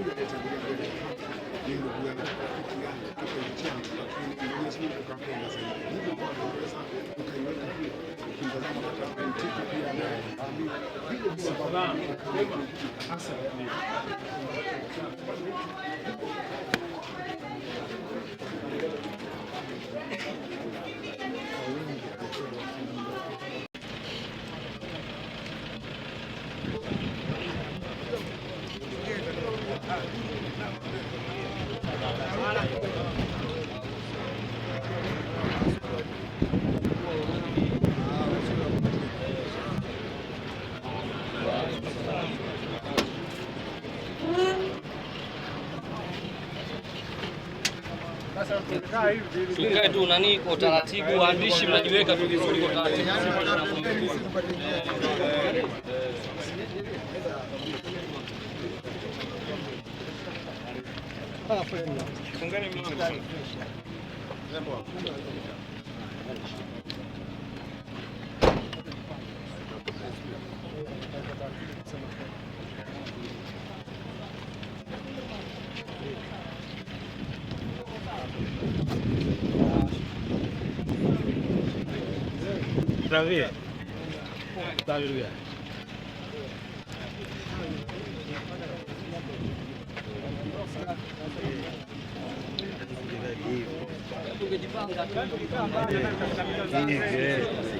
mmoja aliyetangulia mbele ni ndugu yangu, rafiki yangu, tukaelekea lakini Mwenyezi Mungu tukampenda zaidi, hivyo kwa kuweza tukaiweka hiyo ukimtazama hata mtiki pia naye aamini hivyo hivyo sababu hasa Tukae tu nani kwa utaratibu, waandishi mnajiweka tu vizuri kwa utaratibu. Fungeni mlango. Ravi దావిడిగా Thank you.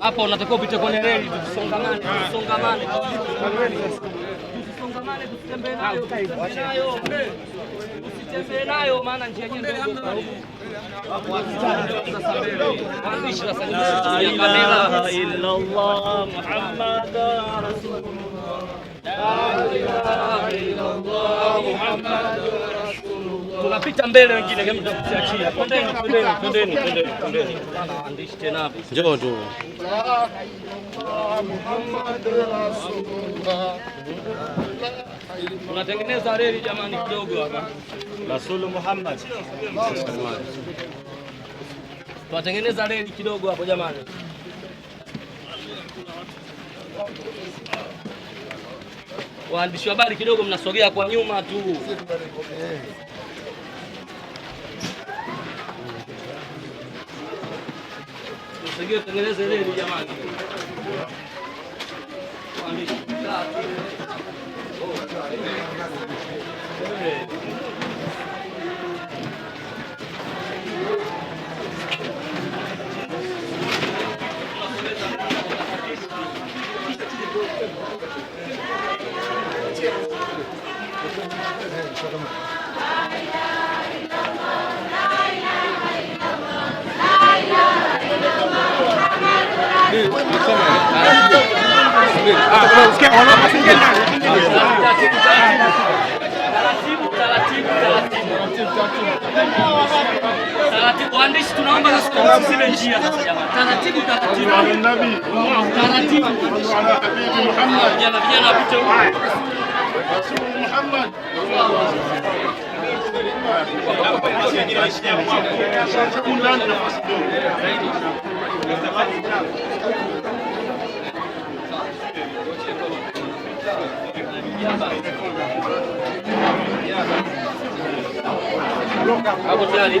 Hapa unatakiwa upite kwenye reli, tusongamane, tusongamane, tusongamane, tusitembee nayo, usitembee nayo, maana njia nyingine ndio kamera. Tunapita mbele, wengine Andishi tena, njoo tu. Tunatengeneza reli jamani, kidogo hapa. Rasulu Muhammad. Tunatengeneza reli kidogo hapo jamani. Waandishi wa habari kidogo mnasogea kwa nyuma tu. Msogee tengeneze leli jamani. Waandishi. Waandishi tunaomba zile njia sasa jamani, taratibu taratibu, taratibu, vijana vijana wapite huko. اسم محمد ابو ثاني